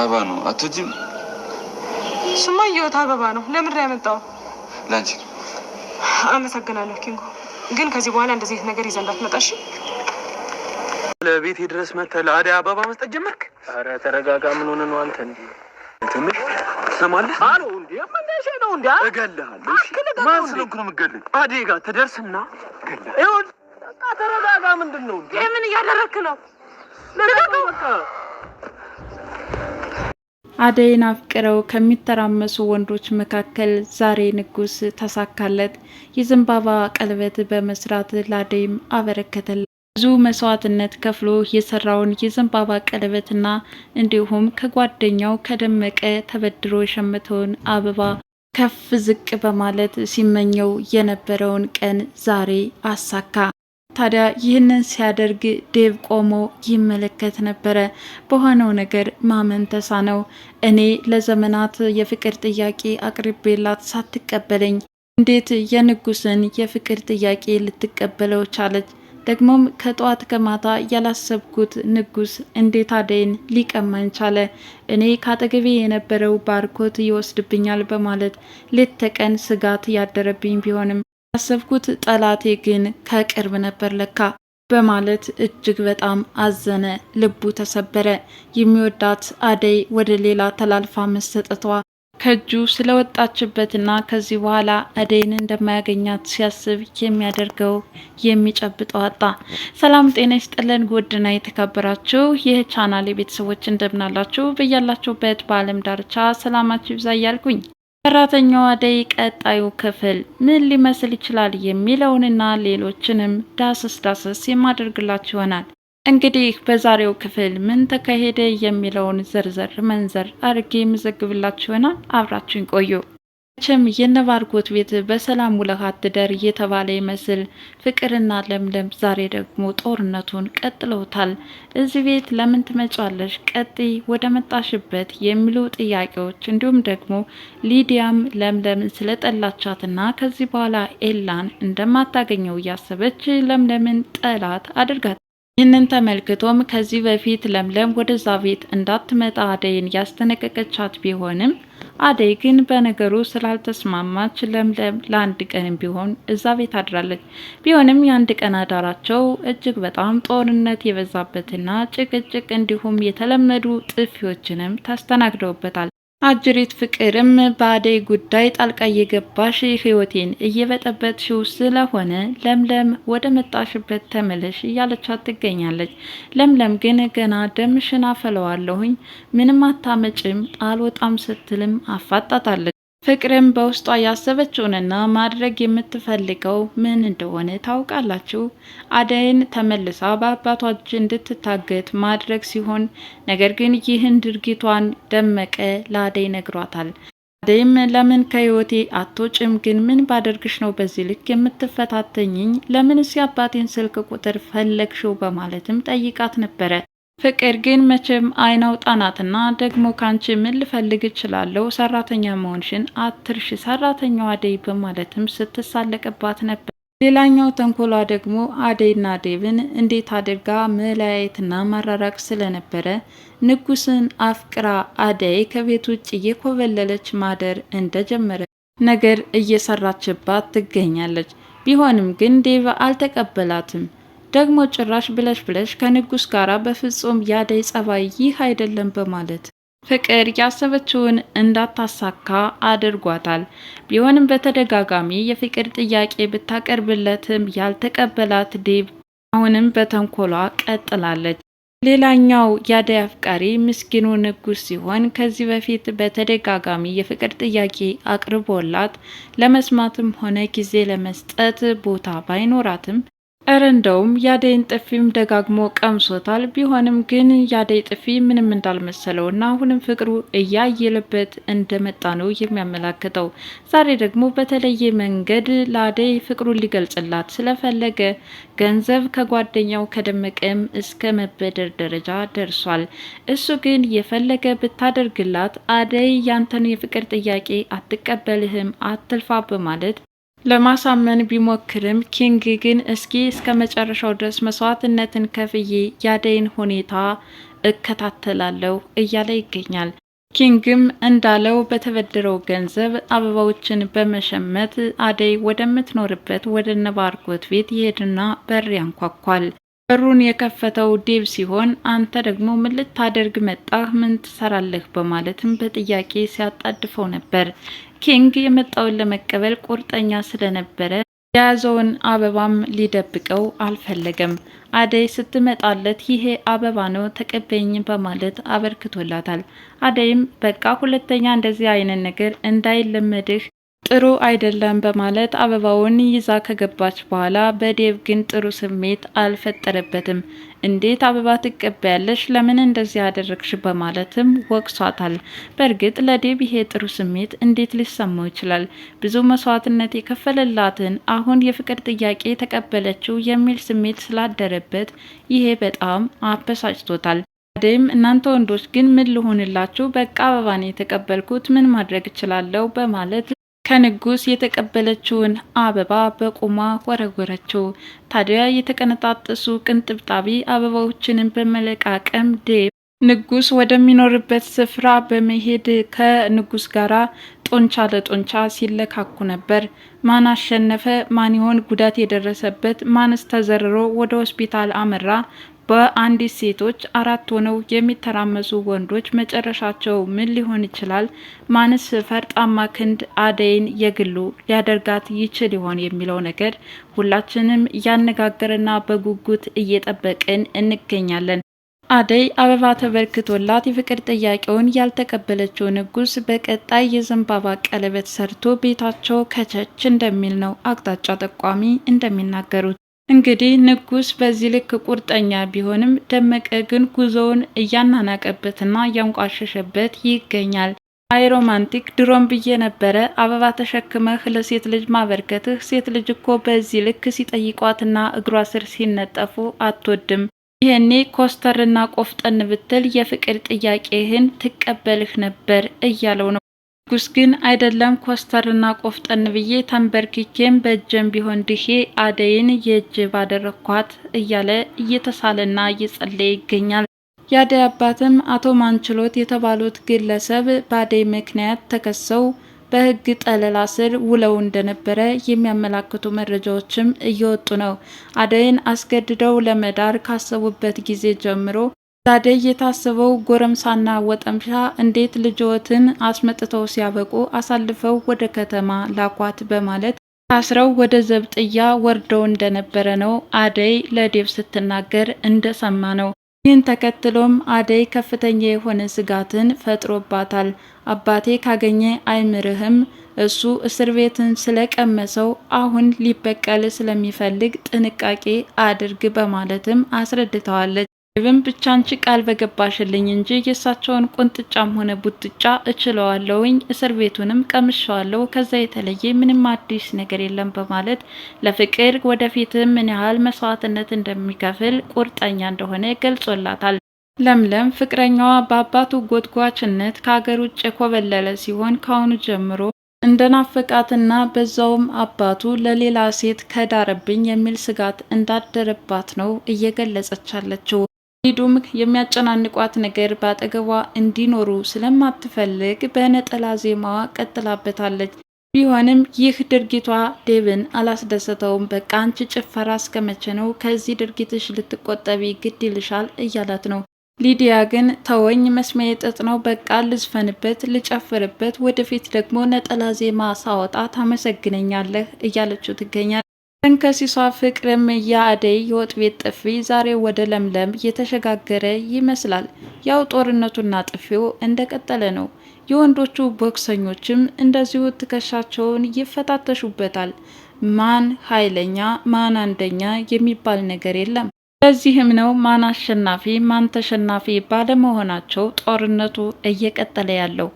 አበባ ነው። አትወጂም? ስማ እየወት አበባ ነው። ለምድር ያመጣው ለአንቺ። አመሰግናለሁ ኪንጎ፣ ግን ከዚህ በኋላ እንደዚህ አይነት ነገር ይዘህ እንዳትመጣሽ። ለቤቴ ድረስ መተህ ለአደይ አበባ መስጠት ጀመርክ? አረ ተረጋጋ። ምን ሆነ ነው አንተ? እንደ ትንሽ ትሰማለህ? አሎ እንዴ መነሻ ነው እንዴ? እገልሃለሁ። ማን ስለሆንኩ ነው የምገልህ? አደይ ጋር ትደርስና ይሁን። ተረጋጋ። ምንድን ነው? ምን እያደረክ ነው? ለቀቀው አደይን አፍቅረው ከሚተራመሱ ወንዶች መካከል ዛሬ ንጉስ ተሳካለት። የዘንባባ ቀለበት በመስራት ለአደይም አበረከተለት። ብዙ መስዋዕትነት ከፍሎ የሰራውን የዘንባባ ቀለበትና እንዲሁም ከጓደኛው ከደመቀ ተበድሮ የሸመተውን አበባ ከፍ ዝቅ በማለት ሲመኘው የነበረውን ቀን ዛሬ አሳካ። ታዲያ ይህንን ሲያደርግ ዴቭ ቆሞ ይመለከት ነበረ። በሆነው ነገር ማመን ነው። እኔ ለዘመናት የፍቅር ጥያቄ አቅርቤላት ሳትቀበለኝ እንዴት የንጉስን የፍቅር ጥያቄ ልትቀበለው ቻለች? ደግሞም ከጠዋት ከማታ ያላሰብኩት ንጉስ እንዴት አደይን ሊቀማኝ ቻለ? እኔ ካጠገቤ የነበረው ባርኮት ይወስድብኛል በማለት ሌት ተቀን ስጋት ያደረብኝ ቢሆንም ያሰብኩት ጠላቴ ግን ከቅርብ ነበር ለካ በማለት እጅግ በጣም አዘነ። ልቡ ተሰበረ። የሚወዳት አደይ ወደ ሌላ ተላልፋ መሰጠቷ ከእጁ ስለወጣችበትና ከዚህ በኋላ አደይን እንደማያገኛት ሲያስብ የሚያደርገው የሚጨብጠው አጣ። ሰላም ጤና ይስጥልን ውድና የተከበራችሁ ይህ ቻናል የቤተሰቦች እንደምናላችሁ፣ በያላችሁበት በዓለም ዳርቻ ሰላማችሁ ይብዛ እያልኩኝ ሰራተኛዋ አደይ ቀጣዩ ክፍል ምን ሊመስል ይችላል የሚለውንና ሌሎችንም ዳሰስ ዳሰስ የማደርግላችሁ ይሆናል። እንግዲህ በዛሬው ክፍል ምን ተካሄደ የሚለውን ዘርዘር መንዘር አድርጌ የምዘግብላችሁ ይሆናል። አብራችሁን ቆዩ። መቼም የነባርኮት ቤት በሰላም ውለህ አትደር እየተባለ ይመስል ፍቅርና ለምለም ዛሬ ደግሞ ጦርነቱን ቀጥለውታል። እዚህ ቤት ለምን ትመጫለሽ? ቀጥይ ወደ መጣሽበት የሚሉ ጥያቄዎች እንዲሁም ደግሞ ሊዲያም ለምለም ስለጠላቻትና ከዚህ በኋላ ኤላን እንደማታገኘው እያሰበች ለምለምን ጠላት አድርጋት ይህንን ተመልክቶም ከዚህ በፊት ለምለም ወደዛ ቤት እንዳትመጣ አደይን ያስጠነቀቀቻት ቢሆንም አደይ ግን በነገሩ ስላልተስማማች ለምለም ለአንድ ቀን ቢሆን እዛ ቤት አድራለች። ቢሆንም የአንድ ቀን አዳራቸው እጅግ በጣም ጦርነት የበዛበትና ጭቅጭቅ እንዲሁም የተለመዱ ጥፊዎችንም ታስተናግደውበታል። አጅሪት ፍቅርም በአደይ ጉዳይ ጣልቃ እየገባሽ ህይወቴን እየበጠበጥሽው ስለሆነ ለምለም ወደ መጣሽበት ተመለሽ እያለቻት ትገኛለች። ለምለም ግን ገና ደምሽን አፈለዋለሁኝ ምንም አታመጭም አልወጣም ስትልም አፋጣታለች። ፍቅርን በውስጧ ያሰበችውንና ማድረግ የምትፈልገው ምን እንደሆነ ታውቃላችሁ። አደይን ተመልሳ በአባቷ እጅ እንድትታገት ማድረግ ሲሆን ነገር ግን ይህን ድርጊቷን ደመቀ ለአደይ ነግሯታል። አደይም ለምን ከህይወቴ አትወጪም? ግን ምን ባደርግሽ ነው በዚህ ልክ የምትፈታተኝኝ? ለምንስ አባቴን ስልክ ቁጥር ፈለግሽው? በማለትም ጠይቃት ነበረ። ፍቅር ግን መቼም አይናው ጣናትና ደግሞ ካንቺ ምን ልፈልግ እችላለሁ ሰራተኛ መሆንሽን አትርሽ ሰራተኛው አደይ በማለትም ስትሳለቅባት ነበር። ሌላኛው ተንኮሏ ደግሞ አደይና ዴብን እንዴት አድርጋ መለያየትና ማራራቅ ስለነበረ ንጉስን አፍቅራ አደይ ከቤት ውጭ እየኮበለለች ማደር እንደጀመረ ነገር እየሰራችባት ትገኛለች። ቢሆንም ግን ዴቭ አልተቀበላትም። ደግሞ ጭራሽ ብለሽ ብለሽ ከንጉስ ጋር በፍጹም ያደይ ጸባይ ይህ አይደለም በማለት ፍቅር ያሰበችውን እንዳታሳካ አድርጓታል። ቢሆንም በተደጋጋሚ የፍቅር ጥያቄ ብታቀርብለትም ያልተቀበላት ዴብ አሁንም በተንኮሏ ቀጥላለች። ሌላኛው ያደይ አፍቃሪ ምስኪኑ ንጉስ ሲሆን ከዚህ በፊት በተደጋጋሚ የፍቅር ጥያቄ አቅርቦላት ለመስማትም ሆነ ጊዜ ለመስጠት ቦታ ባይኖራትም እረ እንደውም የአደይን ጥፊም ደጋግሞ ቀምሶታል። ቢሆንም ግን ያደይ ጥፊ ምንም እንዳልመሰለው እና አሁንም ፍቅሩ እያየለበት እንደመጣ ነው የሚያመላክተው። ዛሬ ደግሞ በተለየ መንገድ ለአደይ ፍቅሩን ሊገልጽላት ስለፈለገ ገንዘብ ከጓደኛው ከደመቀም እስከ መበደር ደረጃ ደርሷል። እሱ ግን የፈለገ ብታደርግላት አደይ ያንተን የፍቅር ጥያቄ አትቀበልህም፣ አትልፋ በማለት ለማሳመን ቢሞክርም ኪንግ ግን እስኪ እስከ መጨረሻው ድረስ መስዋዕትነትን ከፍዬ ያደይን ሁኔታ እከታተላለሁ እያለ ይገኛል። ኪንግም እንዳለው በተበደረው ገንዘብ አበባዎችን በመሸመት አደይ ወደምትኖርበት ወደ ነባርኮት ቤት ይሄድና በር ያንኳኳል። በሩን የከፈተው ዴብ ሲሆን አንተ ደግሞ ምን ልታደርግ መጣህ? ምን ትሰራለህ? በማለትም በጥያቄ ሲያጣድፈው ነበር። ኪንግ የመጣውን ለመቀበል ቁርጠኛ ስለነበረ የያዘውን አበባም ሊደብቀው አልፈለገም። አደይ ስትመጣለት ይሄ አበባ ነው ተቀበኝ በማለት አበርክቶላታል። አደይም በቃ ሁለተኛ እንደዚህ አይነት ነገር እንዳይለመድህ ጥሩ አይደለም በማለት አበባውን ይዛ ከገባች በኋላ በዴቭ ግን ጥሩ ስሜት አልፈጠረበትም። እንዴት አበባ ትቀበያለሽ? ለምን እንደዚህ አደረግሽ? በማለትም ወቅሷታል። በእርግጥ ለዴብ ይሄ ጥሩ ስሜት እንዴት ሊሰማው ይችላል? ብዙ መስዋዕትነት የከፈለላትን አሁን የፍቅር ጥያቄ ተቀበለችው የሚል ስሜት ስላደረበት ይሄ በጣም አበሳጭቶታል። አደይም እናንተ ወንዶች ግን ምን ልሆንላችሁ? በቃ አበባ የተቀበልኩት፣ ምን ማድረግ እችላለሁ? በማለት ከንጉስ የተቀበለችውን አበባ በቁማ ወረወረችው። ታዲያ የተቀነጣጠሱ ቅንጥብጣቢ አበባዎችንም በመለቃቀም ዴብ ንጉስ ወደሚኖርበት ስፍራ በመሄድ ከንጉስ ጋራ ጦንቻ ለጦንቻ ሲለካኩ ነበር። ማን አሸነፈ? ማን ይሆን ጉዳት የደረሰበት? ማንስ ተዘርሮ ወደ ሆስፒታል አመራ? በአንዲት ሴቶች አራት ሆነው የሚተራመሱ ወንዶች መጨረሻቸው ምን ሊሆን ይችላል? ማንስ ፈርጣማ ክንድ አደይን የግሉ ሊያደርጋት ይችል ይሆን የሚለው ነገር ሁላችንም እያነጋገርና በጉጉት እየጠበቅን እንገኛለን። አደይ አበባ ተበርክቶላት የፍቅር ጥያቄውን ያልተቀበለችው ንጉስ በቀጣይ የዘንባባ ቀለበት ሰርቶ ቤታቸው ከቸች እንደሚል ነው አቅጣጫ ጠቋሚ እንደሚናገሩት። እንግዲህ ንጉስ በዚህ ልክ ቁርጠኛ ቢሆንም ደመቀ ግን ጉዞውን እያናናቀበትና እያንቋሸሸበት ይገኛል። አይ ሮማንቲክ፣ ድሮም ብዬ ነበረ አበባ ተሸክመህ ለሴት ልጅ ማበርከትህ ሴት ልጅ እኮ በዚህ ልክ ሲጠይቋትና እግሯ ስር ሲነጠፉ አትወድም። ይህኔ ኮስተርና ቆፍጠን ብትል የፍቅር ጥያቄህን ትቀበልህ ነበር እያለው ነው። ግን አይደለም ኮስተርና ቆፍጠን ብዬ ተንበርክኬም በእጀም ቢሆን ድሄ አደይን የእጅ ባደረግኳት እያለ እየተሳለና እየጸለየ ይገኛል። የአደይ አባትም አቶ ማንችሎት የተባሉት ግለሰብ በአደይ ምክንያት ተከሰው በህግ ጠለላ ስር ውለው እንደነበረ የሚያመላክቱ መረጃዎችም እየወጡ ነው። አደይን አስገድደው ለመዳር ካሰቡበት ጊዜ ጀምሮ ታዲያ የታሰበው ጎረምሳና ወጠምሻ እንዴት ልጆትን አስመጥተው ሲያበቁ አሳልፈው ወደ ከተማ ላኳት በማለት ታስረው ወደ ዘብጥያ ወርደው እንደነበረ ነው አደይ ለዴብ ስትናገር እንደሰማ ነው። ይህን ተከትሎም አደይ ከፍተኛ የሆነ ስጋትን ፈጥሮባታል። አባቴ ካገኘ አይምርህም፣ እሱ እስር ቤትን ስለቀመሰው አሁን ሊበቀል ስለሚፈልግ ጥንቃቄ አድርግ በማለትም አስረድተዋለች። ኢቭን ብቻ አንቺ ቃል በገባሽልኝ እንጂ የእሳቸውን ቁንጥጫም ሆነ ቡጥጫ እችለዋለውኝ እስር ቤቱንም ቀምሸዋለው። ከዛ የተለየ ምንም አዲስ ነገር የለም በማለት ለፍቅር ወደፊትም ምን ያህል መስዋዕትነት እንደሚከፍል ቁርጠኛ እንደሆነ ገልጾላታል። ለምለም ፍቅረኛዋ በአባቱ ጎትጓችነት ከሀገር ውጭ የኮበለለ ሲሆን ከአሁኑ ጀምሮ እንደናፈቃትና በዛውም አባቱ ለሌላ ሴት ከዳረብኝ የሚል ስጋት እንዳደረባት ነው እየገለጸች ያለችው። ሊዱም የሚያጨናንቋት ነገር በአጠገቧ እንዲኖሩ ስለማትፈልግ በነጠላ ዜማዋ ቀጥላበታለች። ቢሆንም ይህ ድርጊቷ ዴብን አላስደሰተውም። በቃ አንቺ ጭፈራ እስከመቼ ነው? ከዚህ ድርጊትሽ ልትቆጠቢ ግድ ይልሻል እያላት ነው። ሊዲያ ግን ተወኝ፣ መስሚያ ጥጥ ነው፣ በቃ ልዝፈንበት፣ ልጨፍርበት፣ ወደፊት ደግሞ ነጠላ ዜማ ሳወጣ ታመሰግነኛለህ እያለችው ትገኛል። ተንከሲሷ ፍቅርም የአደይ የወጥ ቤት ጥፊ ዛሬ ወደ ለምለም እየተሸጋገረ ይመስላል። ያው ጦርነቱና ጥፊው እንደቀጠለ ነው። የወንዶቹ ቦክሰኞችም እንደዚሁ ትከሻቸውን ይፈታተሹበታል። ማን ኃይለኛ ማን አንደኛ የሚባል ነገር የለም። ለዚህም ነው ማን አሸናፊ ማን ተሸናፊ ባለመሆናቸው ጦርነቱ እየቀጠለ ያለው።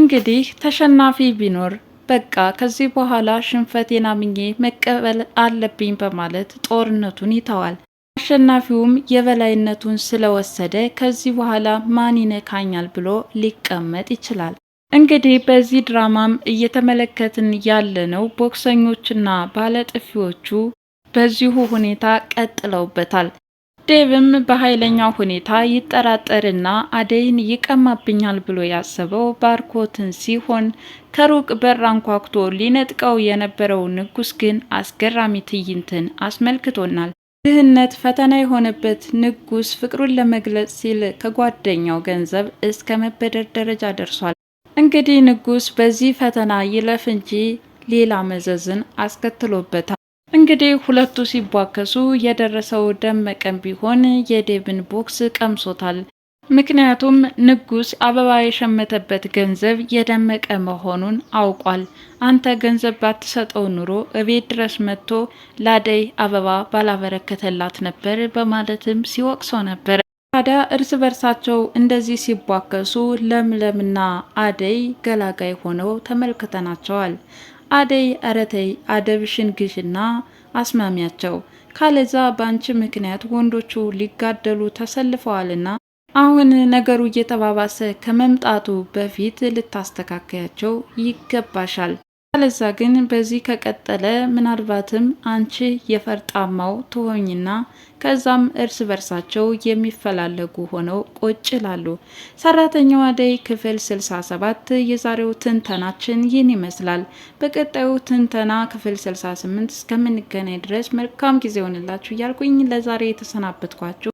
እንግዲህ ተሸናፊ ቢኖር በቃ ከዚህ በኋላ ሽንፈቴን አምኜ መቀበል አለብኝ በማለት ጦርነቱን ይተዋል። አሸናፊውም የበላይነቱን ስለወሰደ ከዚህ በኋላ ማን ይነካኛል ብሎ ሊቀመጥ ይችላል። እንግዲህ በዚህ ድራማም እየተመለከትን ያለነው ቦክሰኞችና ባለጥፊዎቹ በዚሁ ሁኔታ ቀጥለውበታል። ዴቭም በኃይለኛው ሁኔታ ይጠራጠርና አደይን ይቀማብኛል ብሎ ያሰበው ባርኮትን ሲሆን ከሩቅ በር አንኳኩቶ ሊነጥቀው የነበረው ንጉስ ግን አስገራሚ ትዕይንትን አስመልክቶናል። ድህነት ፈተና የሆነበት ንጉስ ፍቅሩን ለመግለጽ ሲል ከጓደኛው ገንዘብ እስከ መበደር ደረጃ ደርሷል። እንግዲህ ንጉስ በዚህ ፈተና ይለፍ እንጂ ሌላ መዘዝን አስከትሎበታል። እንግዲህ ሁለቱ ሲቧከሱ የደረሰው ደመቀም ቢሆን የዴብን ቦክስ ቀምሶታል። ምክንያቱም ንጉስ አበባ የሸመተበት ገንዘብ የደመቀ መሆኑን አውቋል። አንተ ገንዘብ ባትሰጠው ኑሮ እቤት ድረስ መጥቶ ላደይ አበባ ባላበረከተላት ነበር በማለትም ሲወቅሰው ነበር። ታዲያ እርስ በርሳቸው እንደዚህ ሲቧከሱ ለምለምና አደይ ገላጋይ ሆነው ተመልክተናቸዋል። አደይ አረተይ አደብሽን ግሽና አስማሚያቸው ካለዛ በአንቺ ምክንያት ወንዶቹ ሊጋደሉ ተሰልፈዋልና አሁን ነገሩ እየተባባሰ ከመምጣቱ በፊት ልታስተካከያቸው ይገባሻል አለዛ ግን በዚህ ከቀጠለ ምናልባትም አንቺ የፈርጣማው ትሆኝና ከዛም እርስ በርሳቸው የሚፈላለጉ ሆነው ቁጭ ይላሉ። ሰራተኛው አደይ ክፍል 67 የዛሬው ትንተናችን ይህን ይመስላል። በቀጣዩ ትንተና ክፍል 68 እስከምንገናኝ ድረስ መልካም ጊዜ ሆንላችሁ እያልኩኝ ለዛሬ የተሰናበትኳችሁ